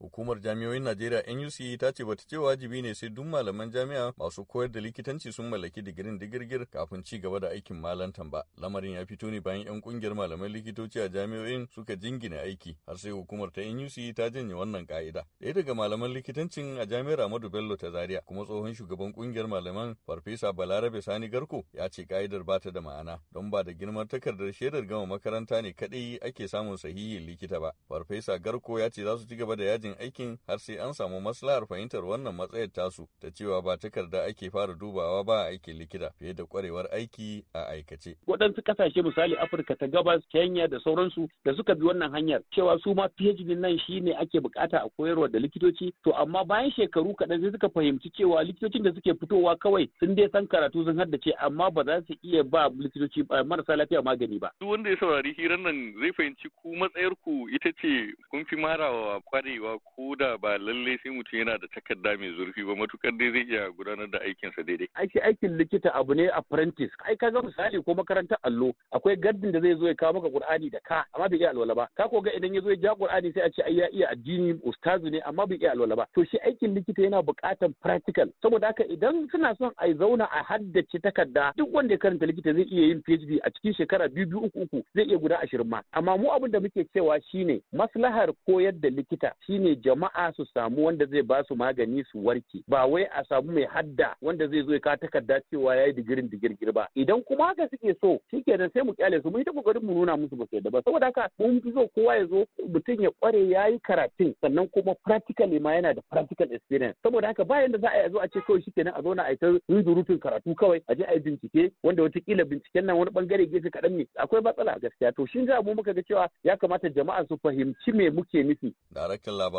Hukumar jami'oyin Najeriya NUC ta ce bata ce wajibi ne sai duk malaman jami'a masu koyar da likitanci sun mallaki digirin digirgir kafin ci gaba da aikin malantan ba. Lamarin ya fito ne bayan 'yan kungiyar malaman likitoci a jami'oyin suka jingina aiki har sai hukumar ta NUC ta janye wannan ka'ida. Ɗaya daga malaman likitancin a jami'ar Ahmadu Bello ta Zaria kuma tsohon shugaban kungiyar malaman Farfesa Balarabe Sani Garko ya ce ka'idar ba ta da ma'ana don ba da girman takardar shaidar gama makaranta ne kaɗai ake samun sahihin likita ba. Farfesa Garko ya ce za su ci gaba da yajin cikin aikin har sai an samu maslahar fahimtar wannan matsayar tasu ta cewa ba takarda ake fara dubawa ba a aikin likita fiye da kwarewar aiki a aikace. Waɗansu kasashe misali Afirka ta gabas, Kenya da sauransu da suka bi wannan hanyar cewa su ma PhD nan shi ne ake bukata a koyarwa da likitoci to amma bayan shekaru kaɗan sai suka fahimci cewa likitocin da suke fitowa kawai sun dai san karatu sun haddace amma ba za su iya ba likitoci eh, marasa lafiya magani ba. Duk wanda ya saurari hirar nan zai fahimci ku matsayar ku ita ce kun fi marawa kwarewa ko da ba lallai sai mutum yana da takarda mai zurfi ba matukar dai zai iya gudanar da aikinsa daidai. Aiki aikin likita abu ne apprentice. Ai ka ga misali ko makarantar allo akwai gardin da zai zo ya kawo maka Qur'ani da ka amma bai iya alwala ba. Ka ko ga idan ya zo ya ja Qur'ani sai a ce ai ya iya addini ustazu ne amma bai iya alwala ba. To shi aikin likita yana buƙatar practical. Saboda haka idan suna son a zauna a haddace takarda duk wanda ya karanta likita zai iya yin PhD a cikin shekara biyu biyu uku uku zai iya guda ashirin ma. Amma mu abin da muke cewa shine maslahar koyar da likita shine ne jama'a su samu wanda zai ba su magani su warke ba wai a samu mai hadda wanda zai zo ya ka takarda cewa yayi digirin digirgir ba idan kuma haka suke so shikenan sai mu kyale su mun ta kokarin mu nuna musu ba su yadda ba saboda haka mun fi so kowa ya zo mutum ya kware yayi karatun sannan kuma practically ma yana da practical experience saboda haka ba yanda za a zo a ce kawai shikenan a zo na a ta rudurutun karatu kawai a je a yi bincike wanda kila binciken nan wani bangare gefe kaɗan ne akwai matsala gaskiya to shin za mu muka ga cewa ya kamata jama'a su fahimci me muke nufi.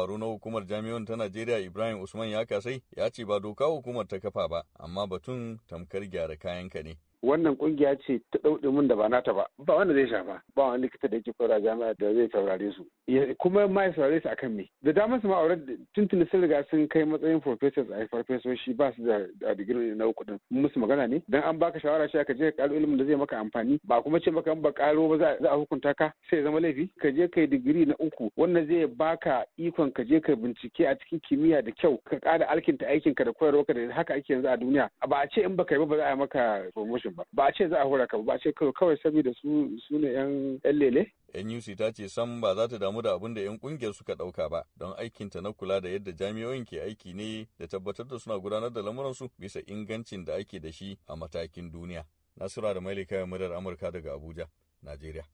dabaru na hukumar jami'on ta Najeriya Ibrahim Usman ya kasai ya ce ba doka hukumar ta kafa ba amma batun tamkar gyara kayanka ne wannan kungiya ce ta ɗauɗe mun da ba nata ba ba wanda zai shafa ba wani likita da yake kwara jami'a da zai saurare su kuma ma ya saurare su akan me da dama su ma'aurar tuntuni sun riga sun kai matsayin professors a farfesoshi ba su da digiri na uku din musu magana ne dan an baka shawara shi ka je ka ƙaro ilimin da zai maka amfani ba kuma ce maka ba ƙaro ba za a hukunta ka sai zama laifi ka je kai digiri na uku wannan zai baka ikon ka je ka bincike a cikin kimiyya da kyau ka ƙara alkinta aikinka da koyarwa da haka ake yanzu a duniya ba a ce in baka kai ba ba za a maka promotion aikin ba ba ce za a hura ka ba a ce kawai saboda su su ne yan lele NUC ta ce sam ba za ta damu da abin da 'yan kungiyar suka dauka ba don aikinta na kula da yadda jami'oyin ke aiki ne da tabbatar da suna gudanar da lamuransu bisa ingancin da ake da shi a matakin duniya. Nasura da Malika Murar Amurka daga Abuja, Najeriya.